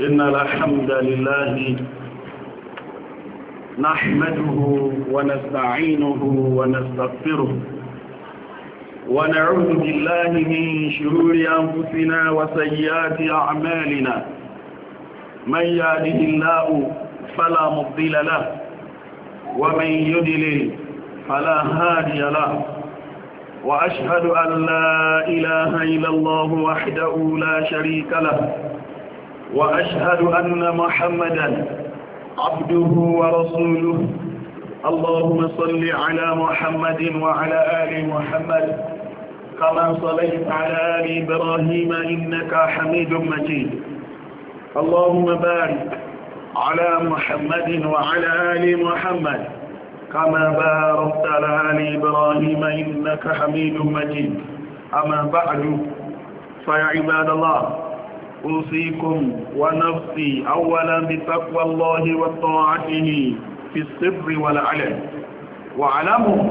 إن الحمد لله نحمده ونستعينه ونستغفره ونعوذ بالله من شرور أنفسنا وسيئات أعمالنا من يهده الله فلا مضل له ومن يدلل فلا هادي له وأشهد أن لا إله إلا الله وحده لا شريك له وأشهد أن محمدا عبده ورسوله اللهم صل على محمد وعلى آل محمد كما صليت على آل إبراهيم إنك حميد مجيد اللهم بارك على محمد وعلى آل محمد كما باركت على آل إبراهيم إنك حميد مجيد أما بعد فيا عباد الله أوصيكم ونفسي أولا بتقوى الله وطاعته في الصبر والعلم، واعلموا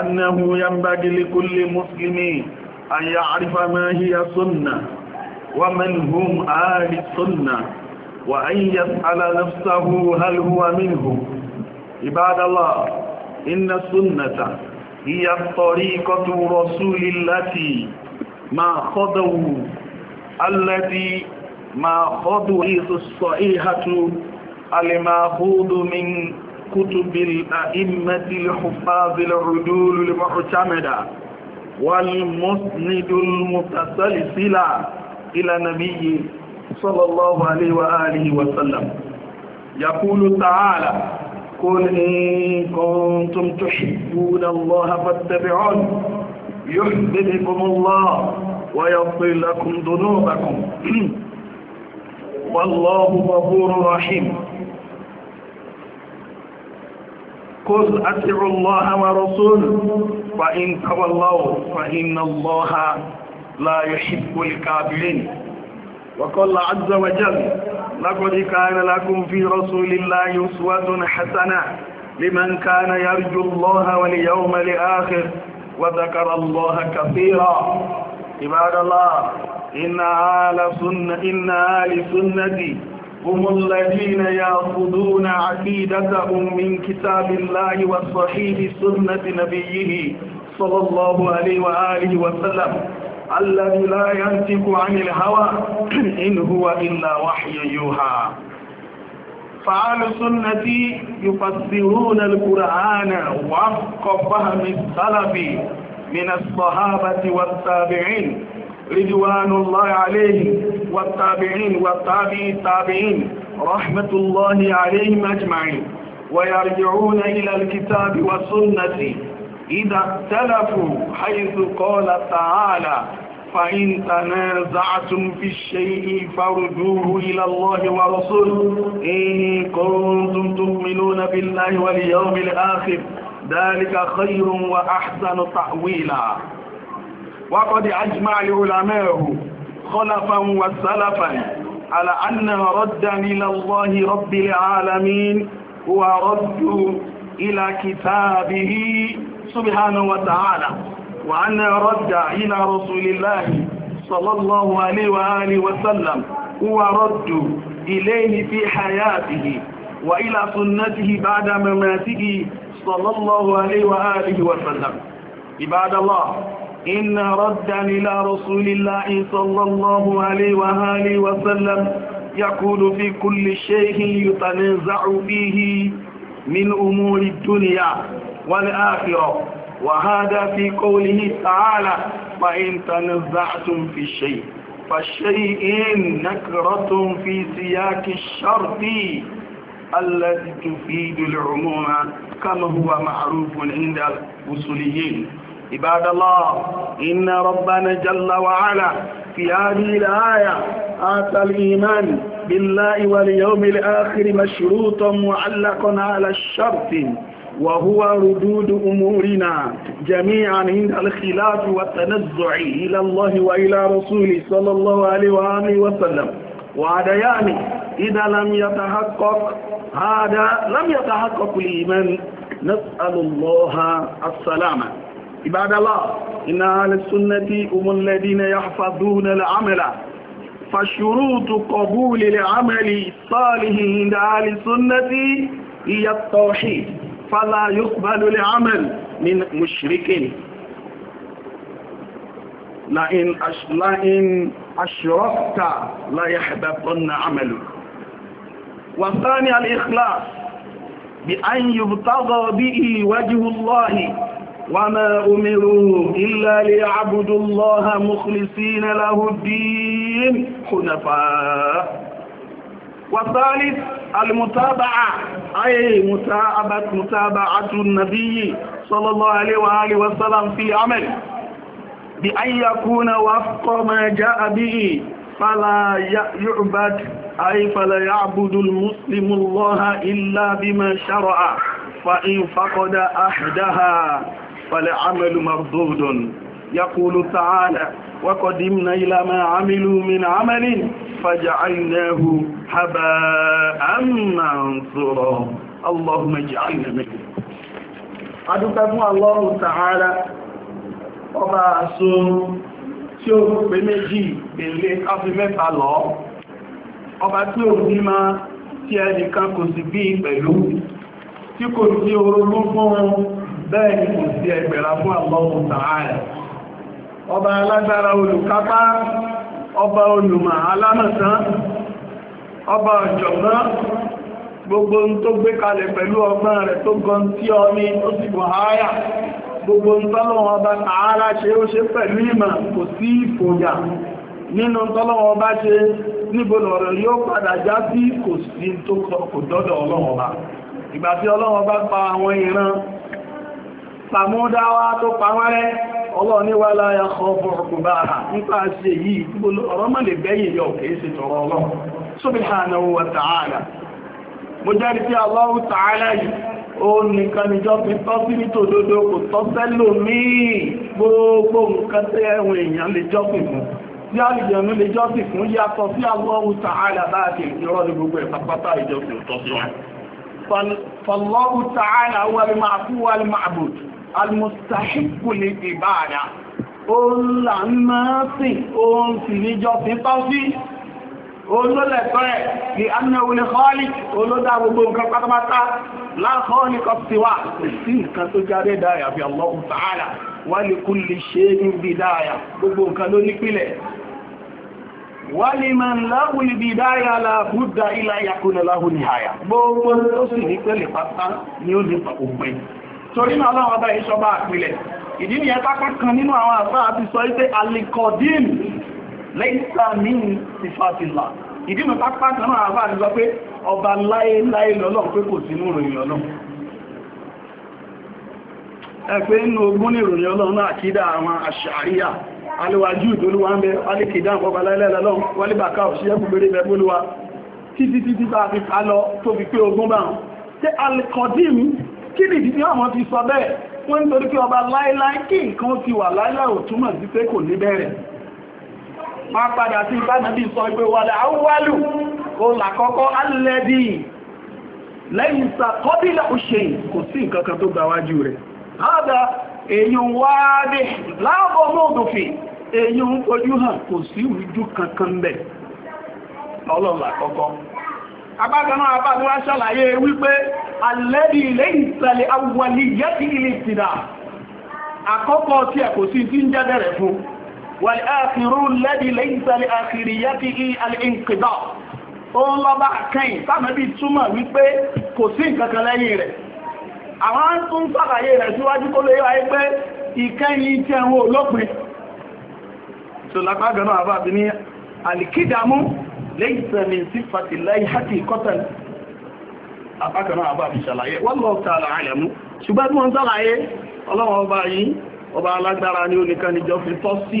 أنه ينبغي لكل مسلم أن يعرف ما هي سنة ومن هم آل السنة وأن يسأل نفسه هل هو منهم عباد الله إن السنة هي الطريقة رسول التي ما خضوا الذي ماخذه الصحيحة الماخوذ من كتب الأئمة الحفاظ العدول المعتمدة والمسند المتسلسلة إلى نبي صلى الله عليه وآله وسلم يقول تعالى قل إن كنتم تحبون الله فاتبعون يحببكم الله ويغفر لكم ذنوبكم والله غفور رحيم قل أتعوا الله ورسوله فإن تولوا فإن الله لا يحب الكافرين وقال عز وجل لقد كان لكم في رسول الله أسوة حسنة لمن كان يرجو الله واليوم الآخر وذكر الله كثيرا عباد الله إن آل سنة إن آل سنة هم الذين يأخذون عقيدتهم من كتاب الله وصحيح سنة نبيه صلى الله عليه وآله وسلم الذي لا ينطق عن الهوى إن هو إلا وحي يوحى فعال سنة يفسرون القرآن وفق فهم السلف من الصحابة والتابعين رضوان الله عليهم والتابعين والتابعي التابعين رحمة الله عليهم أجمعين ويرجعون إلى الكتاب والسنة إذا اختلفوا حيث قال تعالى فإن تنازعتم في الشيء فارجوه إلى الله ورسوله إن كنتم تؤمنون بالله واليوم الآخر ذلك خير وأحسن تأويلا وقد أجمع العلماء خلفا وسلفا على أن ردا إلى الله رب العالمين هو رد إلى كتابه سبحانه وتعالى وأن رد إلى رسول الله صلى الله عليه وآله وسلم هو رد إليه في حياته وإلى سنته بعد مماته صلى الله عليه وآله وسلم عباد الله إن ردا إلى رسول الله صلى الله عليه وآله وسلم يقول في كل شيء يتنزع فيه من أمور الدنيا والآخرة وهذا في قوله تعالى فإن تنزعتم في الشيء فالشيء نكرة في سياق الشرط التي تفيد العموم كما هو معروف عند الوصوليين عباد الله إن ربنا جل وعلا في هذه الآية آتى الإيمان بالله واليوم الآخر مشروط معلق على الشرط وهو ردود أمورنا جميعا عند الخلاف والتنزع إلى الله وإلى رسوله صلى الله عليه وآله وسلم يعني إذا لم يتحقق هذا لم يتحقق الإيمان نسأل الله السلامة عباد الله إن أهل السنة هم الذين يحفظون العمل فشروط قبول العمل الصالح عند أهل السنة هي التوحيد فلا يقبل العمل من مشركين لئن أش... لئن أشركت لا يحبطن عملك والثاني الإخلاص بأن يبتغى به وجه الله وما أمروا إلا ليعبدوا الله مخلصين له الدين حنفاء والثالث المتابعة أي متابعة, متابعة النبي صلى الله عليه وآله وسلم في عمله بأن يكون وفق ما جاء به فلا يعبد أي فلا يعبد المسلم الله إلا بما شرع فإن فقد أحدها فالعمل مردود يقول تعالى وقدمنا إلى ما عملوا من عمل فجعلناه هباء منصورا اللهم اجعلنا منه أدوكم الله تعالى ọba aṣọ tí ó pé méjì gbèlé káfí lọ ọba tí ò ní máa tí ẹnìkan kò sí bí pẹ̀lú tí kò sí orogún fún bẹ́ẹ̀ ni kò sí ẹgbẹ̀rà fún àlọ́wọ̀ ọba alágbára olùkápá ọba olùmọ̀ alámọ̀tán ọba ọ̀jọ̀gbọ́n gbogbo tó gbé kalẹ̀ pẹ̀lú ọgbọ́n rẹ̀ tó gan tí ọ ní ó sì gbogbo ntọ́lọ́wọ́ ọba tààrà ṣe ó ṣe pẹ̀lú ìmọ̀ kò sí ìfòyà nínú ntọ́lọ́wọ́ ọba ṣe níbo lọ̀rọ̀ yóò padà já sí kò sí tó kò dọ́dọ̀ ọlọ́wọ́ ìgbà tí pa àwọn ìran pàmúdáwá tó pàwárẹ́ mo jẹ́rìí pé Allah Ta'ala yìí ó nìkan níjọ́ fi tọ́ sí ní tòdodo kò tọ́ sẹ́lò míì gbogbo nǹkan tí ẹ̀wọ̀n èèyàn lè jọ́sìn fún tí àlùjànnú lè jọ́sìn fún yàtọ̀ sí Allah Ta'ala láti ìrọ́ ní gbogbo ìpapátá ìjọsìn tọ́ sí wọn فالله تعالى هو المعفو والمعبود المستحق للعبادة ó ń là ń máa sìn ó ń sì níjọ́ sí olólẹ̀tọ́ ẹ̀ ni annáwulé kọ́ọ̀lì olódá gbogbo nǹkan pátápátá láàkọ́ọ̀lì kọptíwà sí nǹkan tó jáde dáyà bí Allahu ta'ala wa li kulli shay'in bidaya gbogbo nǹkan ló nípìlẹ̀ wa liman lahu al-bidaya la budda illa yakuna lahu nihaya gbogbo tó sì ní pẹ́lẹ̀ pátá ni ó ní òpin torí náà ọlọ́run ọba ìṣọba àpilẹ̀ lẹ́yìnká ní ìfàtìlà ìdí mọ̀ pápá kan náà àbá àti sọ pé ọba láéláé lọ́lọ́run pé kò sínú ìròyìn ọlọ́run ẹgbẹ́ inú ogún ní ìròyìn ọlọ́run náà kídà àwọn àṣàríyà aléwájú ìdólúwà ń bẹ alékìdá ọba láéláé lọ́lọ́run wálébàká òṣìṣẹ́ gbogbo ẹgbẹ́gbólúwa títí títí bá fi ká lọ tó fi pé ogún bá wọn tí alìkọ̀dìm kí ni ìdí àwọn ti sọ bẹ́ẹ̀ wọ́n ń torí pé ọba láéláé kí nǹkan ti wà láéláé ò túmọ̀ sí pé kò ní bẹ̀rẹ̀ ma padà sí ìbánàbí sọ pé wàlẹ̀ awúwálù o alẹ́dì lẹ́yìn sàkọ́bílà òṣè kò sí nǹkankan tó gbàwájú rẹ̀ hádà èyàn wáádé láàbọ̀ mọ́ọ̀dọ̀fì èyàn ojú hàn kò sí ìrújú kankan bẹ̀ ọlọ́lá والآخر الذي ليس لآخريته الانقضاء òun lọ bá kẹ́yìn sáàmẹ́bí túmọ̀ wípé kò sí nǹkankan lẹ́yìn rẹ̀ àwọn tún sàkàyè rẹ̀ síwájú kó lè wáyé pé ìkẹ́yìn tí ẹwọ olópin tó lápágọ́nà àbábi ní alìkídàmú lẹ́yìnsẹ̀mì sí fàtílẹ́yìn hàtì kọ́tẹ̀lì àpágọ́nà àbábi ṣàlàyé wọ́n lọ tààlà àyàmú ṣùgbọ́n tí wọ́n sàlàyé ọlọ́wọ́ ọba yìí ọba alágbára ni ó nìkan fi tọ́ sí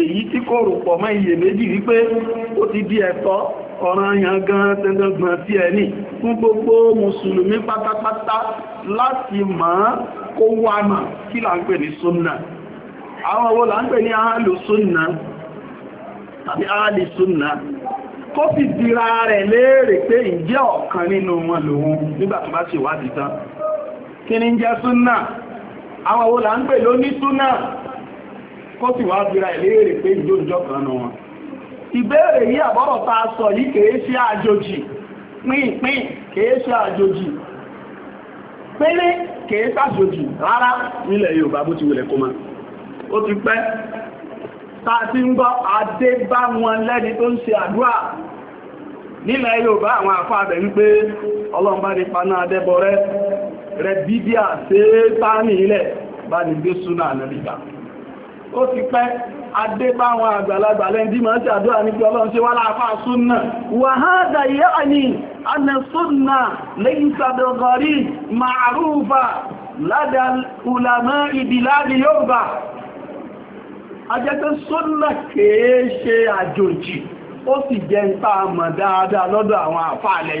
èyí tí kò rò pọ̀ mọ́ iyèméjì wípé ó ti di ẹ̀tọ́ ọ̀ranyàn gan dandangbọ̀n tí ẹni fún gbogbo mùsùlùmí pátápátá láti mọ̀ kó wà mọ̀ kí là ń pè ní súnnà àwọn owó là ń pè ní áàlù súnnà tàbí áàlì súnnà kó dira rẹ̀ léèrè pé ìjẹ́ ọ̀kan nínú wọn lòun nígbà ni jẹ́ súnnà kó sì wá bíra ìléèrè pé ìjọ́jọ́ kan nù wọn ìbéèrè yí àbọ́rọ̀ ta sọ yí kèé sí àjòjì pínpín kèé sí àjòjì kèé rárá nílẹ̀ Yorùbá bó ti wulẹ̀ kó ma ó ti pẹ́ ta ti ń gbọ́ adé bá wọn lẹ́ni tó ń àdúrà nílẹ̀ Yorùbá àwọn àfáàbẹ̀ ọlọ́mbá ní paná ó ti pẹ́ adébá àwọn àgbàlagbà lẹ́ndí máa ti àdúrà ní pé ọlọ́run ṣe wá láàfà súnnà wàhádà yẹ́ àní anà súnnà lẹ́yìn sàdọ̀gọ̀rí ma'arúfà ládà ulàmọ́ ìdìláàdì Yorùbá ajẹ́tẹ́ súnnà kèé ṣe àjòjì ó sì jẹ́ ń tàà mọ̀ dáadáa lọ́dọ̀ àwọn àfáàlẹ̀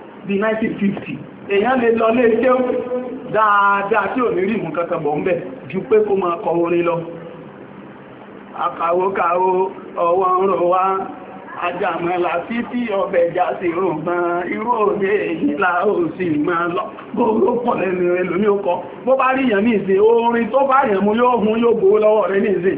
di 1950 èèyàn lè lọ lé jẹ́ dáadáa tí ò ní rí ìmú kankan bọ̀ ń bẹ̀ ju pé kó máa kọ orin lọ àkàwòkàwò ọwọ́ ń rò wá àjàmọ̀lá sí tí ọbẹ̀ já sí rògbọ́n irú òní èyí la ó sì máa lọ bó ló pọ̀ lẹ́nu rẹ̀ lóní ó kọ bó bá rí yàn ní ìsìn orin tó bá yàn mú yóò hun yóò gbowó lọ́wọ́ rẹ̀ ní ìsìn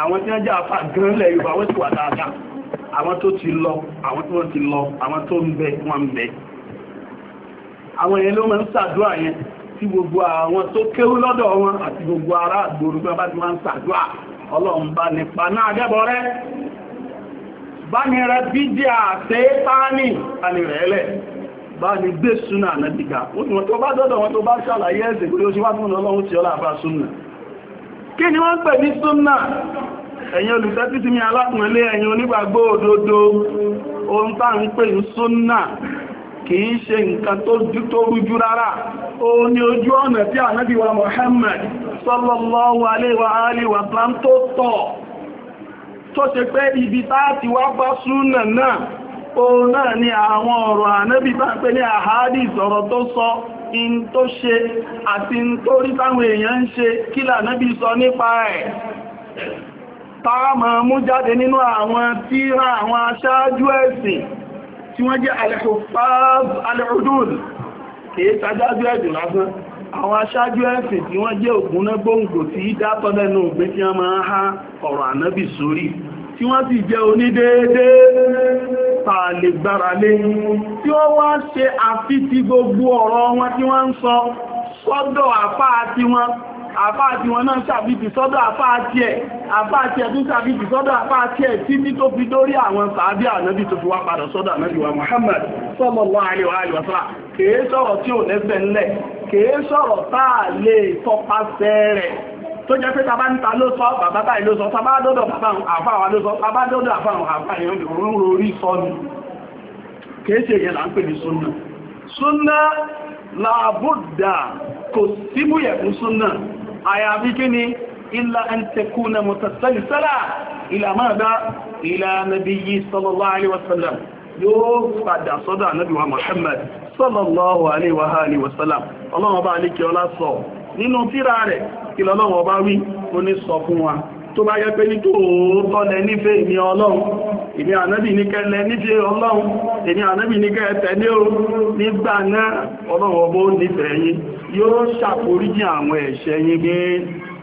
àwọn tí wọ́n jẹ́ àfà gan lẹ̀ awọn wọ́n wà dáadáa àwọn tó ti lọ àwọn tí wọ́n ti lọ àwọn tó ń bẹ wọ́n ń bẹ àwọn yẹn ló máa ń tí gbogbo àwọn tó kéwú lọ́dọ̀ wọn àti gbogbo ará àgbòrò bá ti máa ń ṣàdúrà Ọlọ́run bá nípa náà bídí gbé súnà náà dìgbà ó ti tó bá dọ́dọ̀ wọn tó bá ṣàlàyé ẹ̀sìn kúrò ó wá fún kí ni wọ́n pè ní súnnà ẹ̀yin olùtẹ́tí sí mi alákùnrinlé ẹ̀yin onígbàgbọ́ òdodo ohun tá ń pè ní súnnà kìí ṣe nǹkan tó jú tó rújú rárá o ní ojú ọ̀nà tí Ànábì wa Muhammad sallallahu alaihi wa alihi wa sallam tó tọ̀ tó ṣe ni àwọn ọ̀rọ̀ Ànábì bá pé ní in tó ṣe àti in tó rí táwọn èèyàn ń ṣe kí lànábì sọ nípa ẹ̀ tàà mú jáde nínú àwọn tí wọ́n àwọn aṣáájú ẹ̀sìn tí wọ́n jẹ́ ògúnná gbóǹgbò tí dátọ́lẹ́nu ògbé tí wọ́n tí wọ́n sì jẹ́ onídéédé tààlè gbára lé tí ó wá ṣe àfíti gbogbo ọ̀rọ̀ wọn tí wọ́n ń sọ sọ́dọ̀ àfáà tí wọ́n àfáà tí wọ́n náà ṣàfíti sọ́dọ̀ àfáà tí ẹ̀ àfáà tí ẹ̀ tún ṣàfíti sọ́dọ̀ àfáà tí ẹ̀ títí tó fi dórí àwọn sàábí ànábì tó fi wá padà sọ́dọ̀ ànábì wa Muhammad sallallahu alaihi wa sallam kèé sọ̀rọ̀ tí ò lẹ́sẹ̀ ńlẹ̀ kèé sọ̀rọ̀ táà lè tọpasẹ̀ rẹ̀ tó jẹ́ pé tàbá níta ló sọ bàbá báyìí ló sọ tàbá dọ́dọ̀ bàbá àfà àwọn ló sọ tàbá dọ́dọ̀ àfà àwọn àfà èèyàn òun orí sọ ni kéèṣe sallallahu alaihi wasallam yóò padà sọ́dọ̀ ànábì wa sallallahu alaihi wasallam ọlọ́run bá alíkẹ́ ọlá sọ nínú tírà rẹ̀ kí lọ́lọ́wọ́ bá wí ó ní sọ fún wa tó bá yẹ pé ní tó tọ́lẹ nífẹ́ ìní ọlọ́run ìní ànábì ní kẹlẹ nífẹ́ ọlọ́run ìní ànábì ní kẹ tẹ̀lé o nígbà náà ọlọ́run ọbọ́ nífẹ̀ẹ́ yóò ṣàforíjì àwọn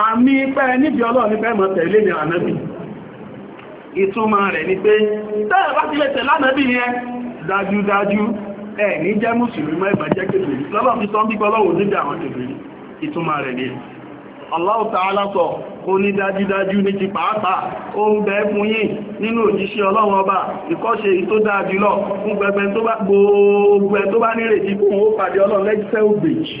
àmì pẹ́ níbi ọlọ́run ní pẹ́ mọ̀ tẹ̀lé ní ànábì ìtumọ̀ rẹ̀ ni pé tẹ́ẹ̀ bá ti lè tẹ̀lé ànábì yẹn dájúdájú ẹ̀ ní jẹ́ mùsùlùmí ẹ̀bà jẹ́ kèfèrí lọ́lọ́ fi sọ́n bípọ́ lọ́wọ́ níbi àwọn kèfèrí ìtumọ̀ rẹ̀ ni Allah ta'ala sọ ó ní dájúdájú ní ti pàápàá ó ń bẹ fún yín nínú òjíṣẹ́ ọlọ́run ọba ìkọ́ṣe tó dáa jùlọ fún gbogbo ẹ̀ tó bá nírètí fún ó pàdé ọlọ́run lẹ́gbẹ̀ẹ́ ògbèjì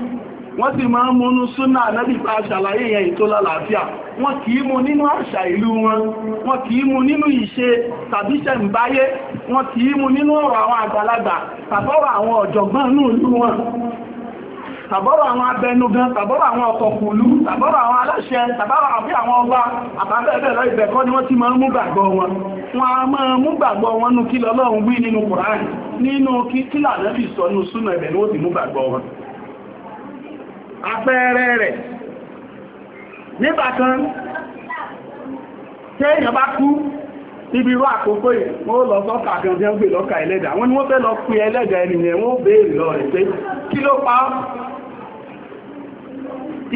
wọ́n sì máa ń múnú súnà ànábì bá ṣàlàyé yẹn ètò lálàáfíà wọ́n kì í mú nínú àṣà ìlú wọn wọ́n kì í mú nínú ìṣe tàbí ṣẹ̀ǹbáyé wọ́n kì í mú nínú ọ̀rọ̀ àwọn àgbàlagbà tàbọ́rọ̀ àwọn ọ̀jọ̀gbọ́n inú ìlú wọn tàbọ́rọ̀ àwọn abẹnugan tàbọ́rọ̀ àwọn ọkọ̀kùnlú tàbọ́rọ̀ àwọn aláṣẹ tàbọ́rọ̀ àbí àwọn ọba àbábẹ́ẹ̀bẹ̀rẹ̀ ìbẹ̀kọ́ ni wọ́n ti máa ń mú gbàgbọ́ wọn wọ́n a máa mú gbàgbọ́ wọn nínú kí lọ́lọ́run wí nínú Kùránì nínú kí kílà lẹ́bì sọ súnà ìbẹ̀ ni ó ti mú gbàgbọ́ wọn àpẹẹrẹ rẹ̀ nígbàkan tí èèyàn bá kú níbi irú àkókò yìí wọ́n lọ sọ́kà kan tí wọ́n gbé lọ́kà ẹlẹ́dà wọ́n ni wọ́n fẹ́ lọ pín ẹlẹ́dà ènìyàn wọ́n béèrè lọ rẹ̀ pé kí ló pa ọ́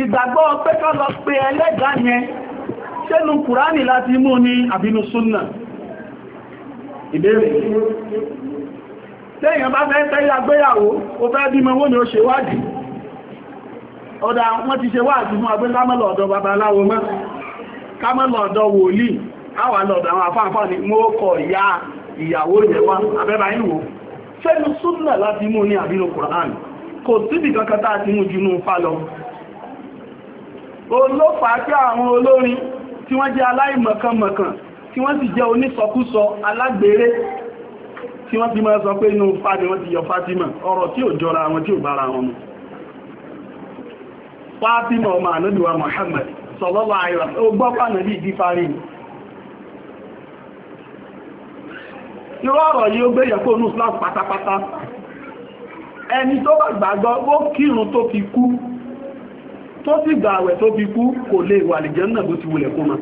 ìgbàgbọ́ pé kọ́ lọ pé ẹlẹ́dà yẹn ṣẹ́nu kùránì láti mú ní àbínú súnnà ìbéèrè tẹ́yàn bá fẹ́ tẹ́yà gbéyàwó ó fẹ́ bímọ wọ́n ni ó ṣe wádìí ọ̀dá wọ́n ti ṣe wá àti fún agbé kámọ́lọ̀ ọ̀dọ̀ babaláwo mọ́ kámọ́lọ̀ ọ̀dọ̀ wòlíì àwà lọ́dọ̀ àwọn afáàfá ni mo kọ̀ ìyá ìyàwó rẹ̀ wá abẹ́bà ìwò fẹ́nu súnnà láti mú ní àbínú Kùrán kò síbì kankan tá ti mú jùnú fa lọ olófà pé àwọn olórin tí wọ́n jẹ́ aláìmọ̀kànmọ̀kàn tí wọ́n sì jẹ́ onísọkúsọ alágbèrè tí wọ́n ti máa sọ pé inú fà ni wọ́n ti yọ Fátímà ọ̀rọ̀ tí ò jọra wọn tí ò bára wọn mú Fátímọ̀ ọmọ ànúbíwà Muhammad sọ̀lọ́lọ́ àìrà ó gbọ́pàá nàbí ìdífàrí. Irọ́ ọ̀rọ̀ yìí ó gbé yẹ̀kó ní Islam pátápátá. Ẹni tó bá gbàgbọ́ ó kírun tó fi kú, tó sì gbààwẹ̀ tó fi kú kò lè wà lè jẹ́ náà bó ti wulẹ̀ kó máa.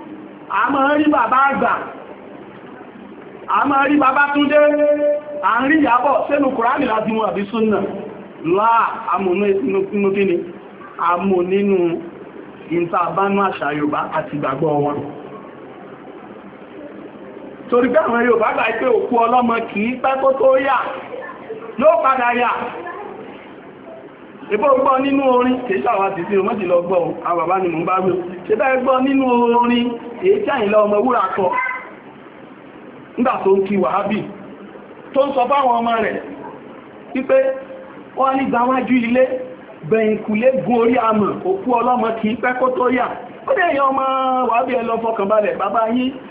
a máa rí bàbá àgbà a máa rí bàbá a ń rí ìyàbọ̀ sínú kùránì láti mú àbí súnnà láà amúnú kíni amú nínú ìntàbánú àṣà yorùbá àti ìgbàgbọ́ wọn torí pé àwọn yorùbá gbà pé òkú ọlọ́mọ kìí pẹ́ tó yà yóò padà ìbọ́ gbọ́ nínú orin kìí sáwà ti sí ọmọdé lọ gbọ́ àwọn ni mò ń bá gbé ṣe bá gbọ́ nínú orin èyí tí Àyìnlá ọmọ wúrà kọ nígbà tó ń kí ọmọ rẹ̀ wípé wọ́n ní gbáwájú ilé gun orí òkú ọlọ́mọ kìí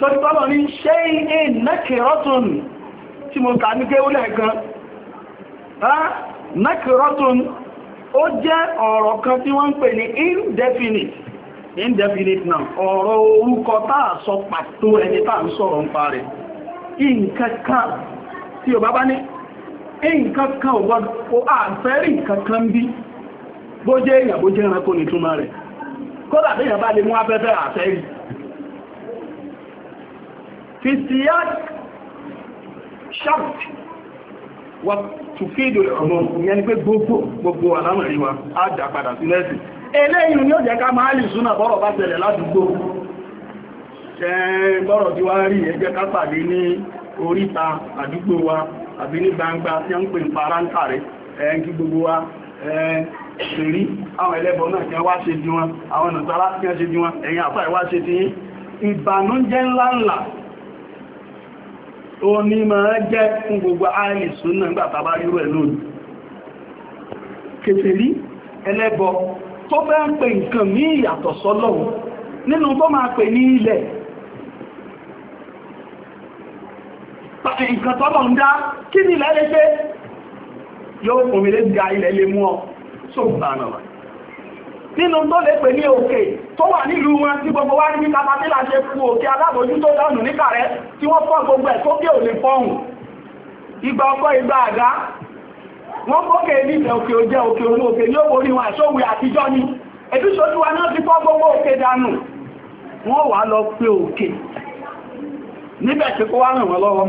torí tọ́lọ̀ ní ṣe ní nẹ́kìrọ́tún tí mo kà ní kéwúlẹ̀ kan nẹ́kìrọ́tún ó jẹ́ ọ̀rọ̀ kan tí wọ́n ń pè ní indefinite indefinite noun ọ̀rọ̀ orúkọ táà sọ pàtó ẹni táà ń sọ̀rọ̀ ń parẹ̀ nǹkankan tí ò bá bá ní nǹkankan ò gbọ́dọ̀ àfẹ́rí nǹkankan في السياق شرط وتفيد العموم يعني gbogbo gbogbo àlámọ̀rí wa á dá padà ni ó jẹ́ ká máa lè súnà bọ́rọ̀ bá tẹ̀lẹ̀ ládùúgbò ṣe bọ́rọ̀ tí wa àbí ní gbangba tí a ń gbogbo wa ṣèrí àwọn ẹlẹ́bọ̀ elebọ kí wá ṣe di wọn àwọn ọ̀nà tààrà ó ní ma jẹ́ fún gbogbo àìsùn náà gbàtà bá rírò ẹ̀ lónìí kèfèrí ẹlẹ́bọ tó fẹ́ ń pè nǹkan ní ìyàtọ̀ sọ́lọ́run nínú tó máa pè ní ilẹ̀ nǹkan ń dá kí ni ga ilẹ̀ lè mú ọ nínú tó lè pè ní òkè tó wà nílùú wọn tí gbogbo wá ní kápátílà ṣe fún òkè alábòjú tó dánù ní kàrẹ tí wọ́n fọ́ gbogbo ẹ̀ tó kí ò lè fọ́hùn ìgbà ọkọ̀ ìgbà àgá wọ́n kókè ní òkè òjẹ́ òkè òun òkè yóò borí wọn àṣòwì àtijọ́ ni èdúṣojú wa náà ti fọ́ gbogbo òkè dànù wọ́n wà lọ pé òkè níbẹ̀ tí kó wá ràn wọ́n lọ́wọ́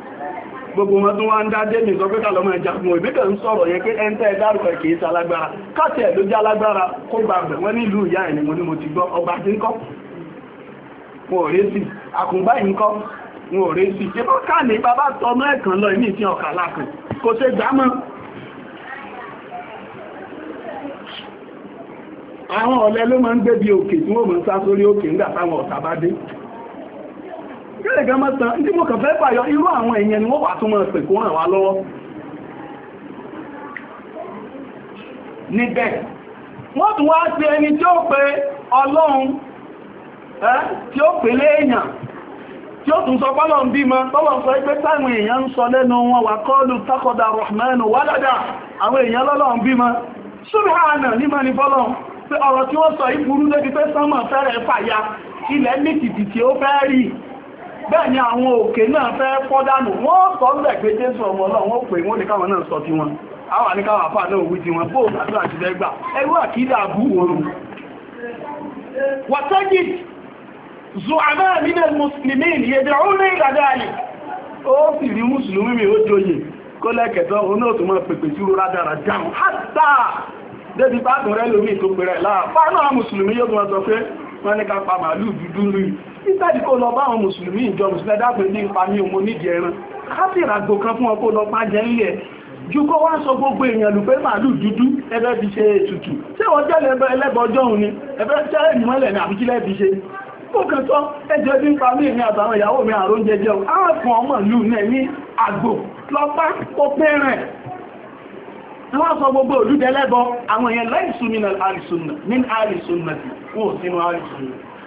gbogbo wọn tó wá ń dá démì sọ pé kàlọ́ máa jagun ìbíkẹ̀ ń sọ̀rọ̀ yẹn kí ẹntẹ́ dárúkọ kìí sa lágbára ló jẹ́ lágbára kó gba bẹ̀ wọ́n ìyá mo ní mo ti gbọ́ tí ń kọ́ sí àkùnbá yìí ń kọ́ bàbá ẹ̀kan lọ ìfihàn kò ṣe àwọn kẹ́lẹ̀ gan mọ́ta ní mo kàn fẹ́ irú àwọn èèyàn ni wọ́n wà tó máa pè kó ràn wá lọ́wọ́ níbẹ̀ wọ́n tún wá sí ẹni tí ó pe ọlọ́run tí ó pè tí ó tún sọ pọ́lọ̀ ń tí wọ́n sọ ìburú débi pé sánmọ̀ fẹ́rẹ̀ fàya ilẹ̀ mítìtì tí ó bẹ́ẹ̀ ni àwọn òkè náà fẹ́ fọ́dánù wọ́n sọ lẹ̀ pé jésù ọmọ ọlọ́run ó pè wọ́n ní káwọn náà sọ ti wọn àwọn na àfáà náà wí ti wọn bóòlù àti àti lẹ́gbà ẹrú àkídà bú oòrùn wàtẹ́gì zuàmá nílẹ̀ mùsùlùmí yẹ̀dẹ̀ ó ní títàdì kó lọ bá àwọn mùsùlùmí ìjọ mùsùlùmí dápẹ́ ní ipa mi òun onídìí ẹran káfí ìràgbò kan fún ọkọ̀ lọ pàjẹ́ ńlẹ̀ jùkọ́ wá sọ gbogbo èèyàn lùpẹ́ màálù dúdú ẹbẹ́ fi ṣe ètùtù tí wọ́n jẹ́ lẹ́bẹ́ ẹlẹ́bọjọ́ òun ni ẹbẹ́ jẹ́ ìmọ́lẹ̀ ní àbíkílẹ̀ fi ṣe kókàn tán ẹjọ́ bí ń pa mí ní àtàwọn ìyàwó mi àrùn jẹjẹ àwọn ọmọ ìlú náà ní àgbò lọ́pá ó pẹ́rẹ̀ wọ́n sọ gbogbo olúdẹ́lẹ́bọ àwọn èèyàn láìsúnmí ní àrìsùn náà wọn ò sínú àrìsùn náà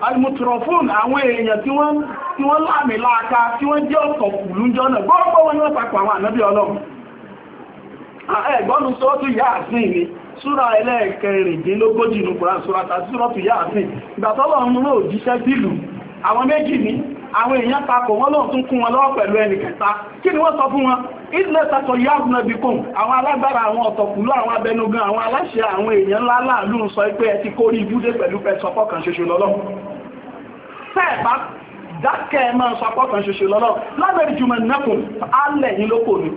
almutrofun àwọn èèyàn tí wọ́n láàmì láàká tí wọ́n jẹ́ ọ̀tọ̀ kùlú jọ́nà gbọ́gbọ́ wọn yóò papọ̀ àwọn ànábí ọlọ́run ah, ẹgbọ́nu sọ́tù yáàfin ni àwọn èèyàn takò wọ́n lọ́n tún kún wọn lọ́wọ́ pẹ̀lú ẹnì kẹta kí ni wọ́n sọ fún wọn ilẹ̀ tàtọ̀ yáàbùnà bí kùn àwọn alágbára àwọn ọ̀tọ̀kùlú àwọn abẹnugan àwọn aláṣẹ àwọn èèyàn ńlá láàlú ń sọ pé ẹ ti kórí ibúdé pẹ̀lú pẹ̀ sọpọ̀ kan ṣoṣo lọ́lọ́ tẹ́ẹ̀bá dákẹ́ ẹ máa sọpọ̀ kan ṣoṣo lọ́lọ́ lábẹ́rẹ́ jùmọ̀ nẹ́kùn ni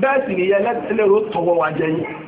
tẹ́ẹ̀ ti kú wa jẹyìn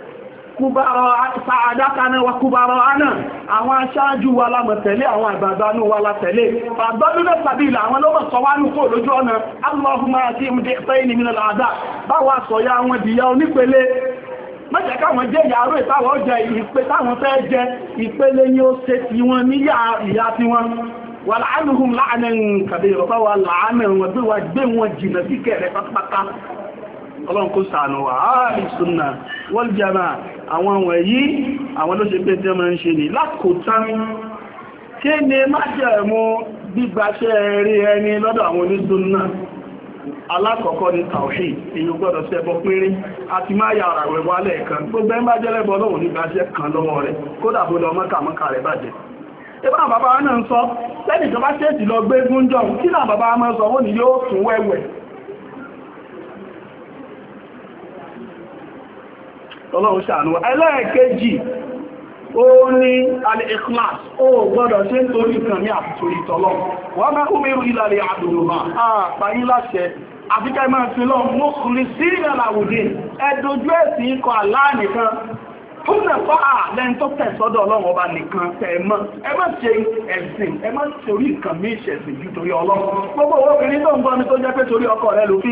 sàádákaná wa kúbàrọ̀ ánà àwọn aṣáájú wa lámọ̀tẹ̀lé àwọn àgbàgbánú wa látẹ̀lé àgbàdúnlẹ̀ sàbílà àwọn lọ́mọ̀ sọwánú kò lójú ọ̀nà allahumma àti ìmúdé pẹ́yìn ìmìnà làádá báwa sọ̀yà àwọn ìdíyà onípele mẹ́jẹ̀ káwọn jẹ́ ìyàró ìtàwọ̀ jẹ ìpé táwọn fẹ́ jẹ ìpele ni ó ṣe ti wọn ní ìyá ti wọn wà láàánú hùn láàánú kàbí ìrọ̀bá wa láàánú wọn bí wà gbé wọn ọlọ́run kó ṣàánú wa ààrì súnà wal jamaa àwọn àwọn èyí àwọn ló ṣe pé tẹ́ máa ń ṣe ní lákòótán kí ni májẹ̀mú gbígbaṣẹ́ rí ẹni lọ́dọ̀ àwọn onísúnà alákọ̀ọ́kọ́ ni tàwí èyí gbọ́dọ̀ ṣẹbọ péré àti máa yà ara rẹ̀ wálẹ̀ kan gbogbo ẹmbá jẹ́lẹ́bọ lọ́wọ́ nígbàṣẹ́ kan lọ́wọ́ rẹ̀ kódà bó lọ mọ́kàmọ́kà rẹ̀ bàjẹ́ ẹbá bàbá náà sọ lẹ́nìkan bá ṣèèjì lọ gbé gúnjọ kí náà bàbá máa sọ wọ́n ni yóò tún wẹ́wẹ́ Ọlọ́run ṣàánú ẹlẹ́ẹ̀kejì ó ní al-ikhlas ó gbọ́dọ̀ tí ń torí kan ní àtúrí tọ́lọ́ wọ́n mẹ́kún mẹ́rún ìlàlẹ̀ àdùnmá àpáyí láṣẹ àfikẹ́ máa fi lọ mọ́kùnrin sí ìrẹ̀làwòdín ẹ̀dójú ẹ̀sìn ikọ̀ aláàníkan tó nà fọ́ à lẹ́ni tó tẹ̀sọ́dọ̀ ọlọ́run ọba nìkan tẹ̀mọ́ ẹ má ṣe ẹ̀sìn ẹ má torí ju torí ọlọ́run gbogbo owó obìnrin tó ń gbọ́ ni tó jẹ́ pé torí ọkọ rẹ ló fi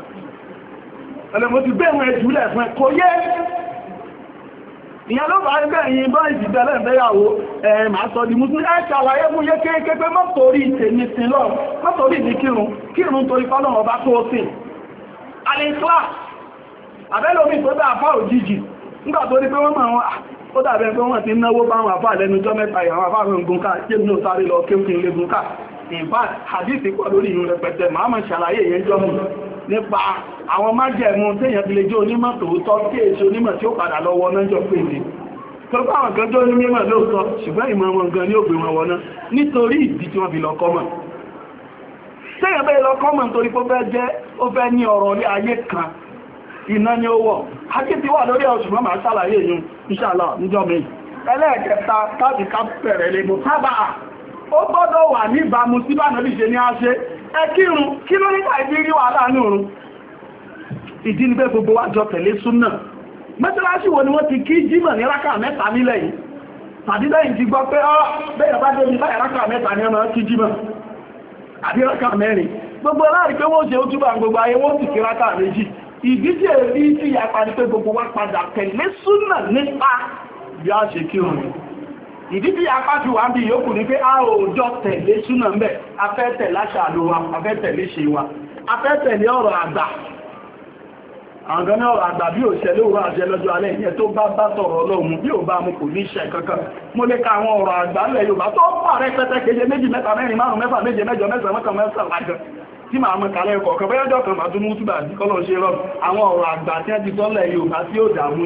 ẹlẹ́mọ́ ti bẹ́ẹ̀ wọn ẹ̀jú lẹ̀ fún ẹ kò yẹ ìyẹn ló bá ẹgbẹ́ ìyìn bá ìdìbẹ̀ lẹ́ẹ̀fẹ́yàwó ẹ̀ máa sọ di mùsùlùmí ẹ̀ ṣàlàyé fún yé kéèké pé mọ́ torí tèmi sin lọ mọ́ torí ní kírun kírun torí fọ́lọ̀ ọba tó sìn alẹ́kílá àbẹ́lómi tó dá àfá òjijì nígbà tó rí pé wọ́n máa ah, ó dàbẹ́ pé wọ́n ti náwó bá wọn àfá lẹ́nujọ́ mẹ́ta ìyàwó àfá àwọn ogun ká jẹ́ ní òsáré lọ kéèkì ilé gun ká in fact hadith pọ̀ lórí ìrún rẹpẹtẹ màá mọ̀ ṣàlàyé ìyẹn jọ́mù nípa àwọn májẹ̀mú emu fi lè jẹ́ onímọ̀ tòótọ́ tí èso onímọ̀ tí ó padà lọ náà jọ pé ní tọ́pá àwọn kan jọ ní mímọ̀ ṣùgbọ́n wọn gan ní òbí wọn wọná nítorí ìdí tí wọ́n fi lọ kọ́mọ̀ téèyàn bẹ́ẹ̀ lọ kọ́mọ̀ nítorí pé fẹ́ jẹ́ ó fẹ́ ní kan iná ni ó wọ̀ ti wà lórí ọ̀ṣùn mọ́ máa yìí ìṣàlọ̀ níjọ́ mi ẹlẹ́ẹ̀kẹta bẹ̀rẹ̀ lè sábà ó gbọ́dọ̀ wà ṣe ní á ẹkírun kí ló nígbà ibi rí wà láàrin ni pé gbogbo wa jọ tẹ̀lé súnà mẹ́sàlásì wo ni wọ́n ti kí jímọ̀ ní rákà mẹ́ta nílẹ̀ yìí tàbí lẹ́yìn ti gbọ́ pé ọ́ bẹ́ẹ̀ bá débi báyìí rákà mẹ́ta ní ọmọ kí jímọ̀ gbogbo ojuba gbogbo ìdí tí apá ti wà ń bí yòókù ní pé a ò jọ tẹ̀lé súnà ń bẹ̀ afẹ́ tẹ̀lé àṣà ló wa afẹ́ tẹ̀lé ṣe wa afẹ́ tẹ̀lé ọ̀rọ̀ àgbà àwọn gan ní ọ̀rọ̀ àgbà bí ò ṣẹlẹ̀ òwúrọ̀ àṣẹ lọ́jọ́ alẹ́ ìyẹn tó bá bá tọ̀rọ̀ ọlọ́run bí ò bá mú kò ní iṣẹ́ kankan mo lè ka àwọn ọ̀rọ̀ àgbà ńlẹ̀ Yorùbá tó pà rẹ pẹ́tẹ́ keje méjì mẹ́ta mẹ́rin márùn mẹ́fà méje mẹ́jọ mẹ́sàn mẹ́kàn mẹ́sàn lájọ tí màá mọ kalẹ̀ ẹ̀kọ́ kan bẹ́yọ́jọ́ kan bá tún túbà sí kọ́lọ́ ṣe rọ àwọn ọ̀rọ̀ àgbà tí wọ́n ti tọ́lẹ̀ Yorùbá tí ó dààmú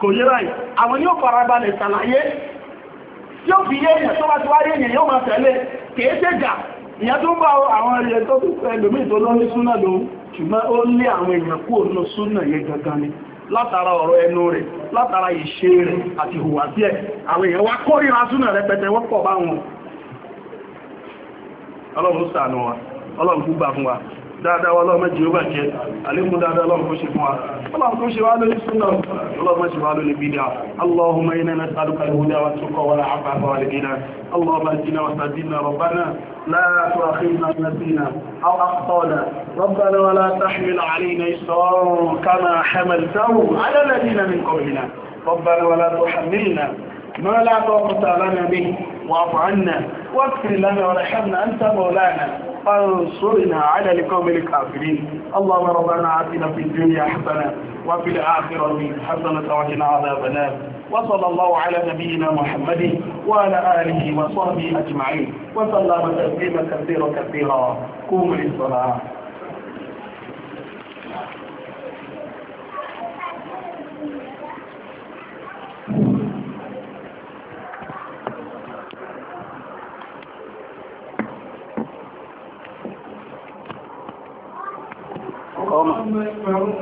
kò yé ráì àwọn yóò farabalẹ̀ ṣàlàyé tí ó fi yé èèyàn tó bá wáyé èèyàn yóò máa tẹ̀lé kìí ṣe jà tó bá àwọn ẹyẹ tó tó fẹ́ lómi tó ló ní súnà lòun ṣùgbọ́n ó lé àwọn èèyàn kúrò nínú súnà yẹn gangan ni látara ọ̀rọ̀ ẹnu rẹ̀ látara ìṣe rẹ̀ àti àwọn èèyàn wá súnà rẹpẹtẹ wọ́n dáadáa ọlọ́run mẹ́jì ó bàjẹ́ àlékún dáadáa ọlọ́run kó ṣe fún wa ọlọ́run kó ṣe wá lórí súnà ọlọ́run mẹ́jì wá lórí bídá اللهم إنا نسألك الهدى والتقى والعفاف والغنى اللهم اهدنا وسددنا ربنا لا تؤاخذنا إن نسينا أو أخطأنا ربنا ولا تحمل علينا إصرارا كما حملته على الذين من قبلنا ربنا ولا تحملنا ما لا طاقة لنا به واعف عنا واغفر لنا وارحمنا أنت مولانا فانصرنا على القوم الكافرين اللهم ربنا آتنا في الدنيا حسنة وفي الآخرة حسنة وقنا عذاب النار وصلى الله على نبينا محمد وعلى آله وصحبه أجمعين وسلم تسليما كثيرا كثيرا قوموا للصلاة ọmọ